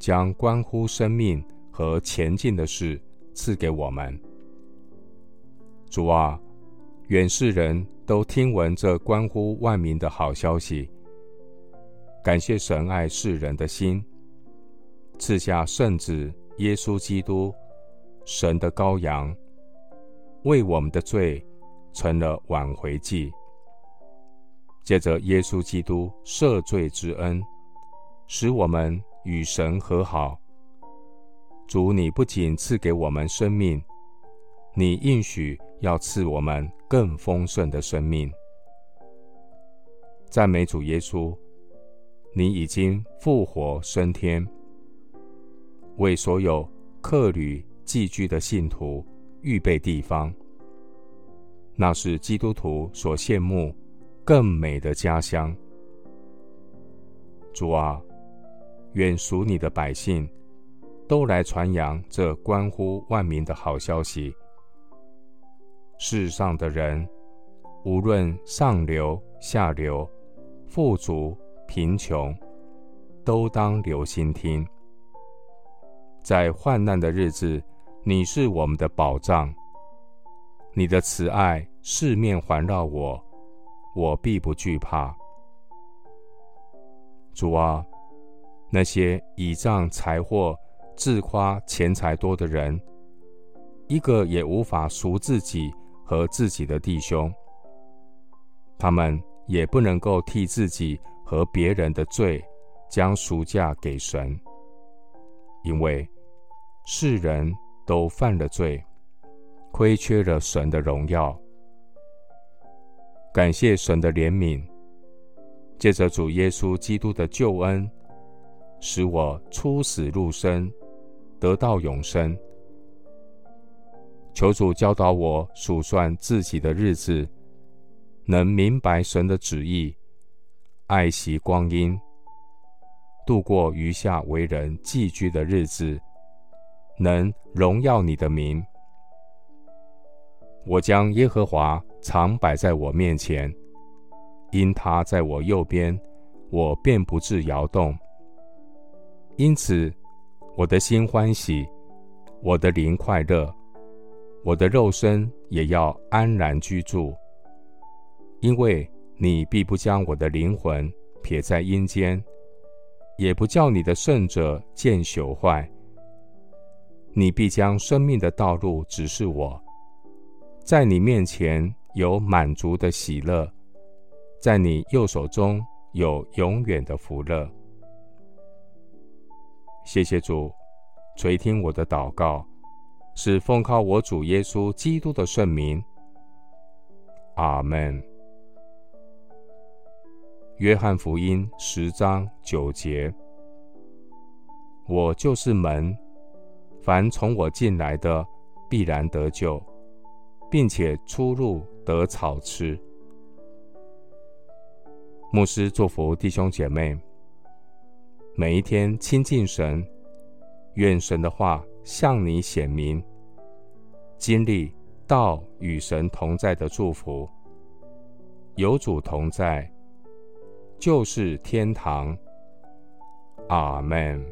將關乎生命和前進的事賜給我們，主啊，願世人都聽聞這關乎萬民的好消息。感謝神愛世人的心，賜下聖子，耶穌基督，神的羔羊，為我們的罪成了挽回祭。借着耶穌基督赦罪之恩，使我們。與神和好，主，你不僅賜給我們生命，你應許要賜我們更豐盛的生命。讚美主耶穌，你已經復活升天，為所有客旅寄居的信徒預備地方，那是基督徒所羨慕更美的家鄉。主啊。願屬你的百姓，都來傳揚這關乎萬民的好消息。世上的人，無論上流下流，富足貧窮，都當留心聽。在患難的日子，你是我們的保障。你的慈愛四面環繞我，我必不懼怕。主啊。那些倚仗財貨、自誇錢財多的人，一個也無法贖自己和自己的弟兄。他們也不能夠替自己和別人的罪，將贖價給神，因為世人都犯了罪，虧缺了神的榮耀。感謝神的憐憫，借着主耶穌基督的救恩。使我出死入生，得到永生。求主教導我數算自己的日子，能明白神的旨意，愛惜光陰，度過餘下為人寄居的日子，能榮耀你的名。我將耶和華常擺在我面前，因他在我右邊，我便不致搖動。因此，我的心歡喜，我的靈快樂，我的肉身也要安然居住。因為你必不將我的靈魂撇在陰間，也不叫你的聖者見朽壞。你必將生命的道路指示我，在你面前有滿足的喜樂，在你右手中有永遠的福樂。謝謝主，垂聽我的禱告，是奉靠我主耶穌基督的聖名。阿門。約翰福音十章九節：我就是門，凡從我進來的，必然得救，並且出入得草吃。牧師祝福弟兄姐妹。每一天親近神，願神的話向你顯明，經歷道與神同在的祝福。有主同在，就是天堂。阿門。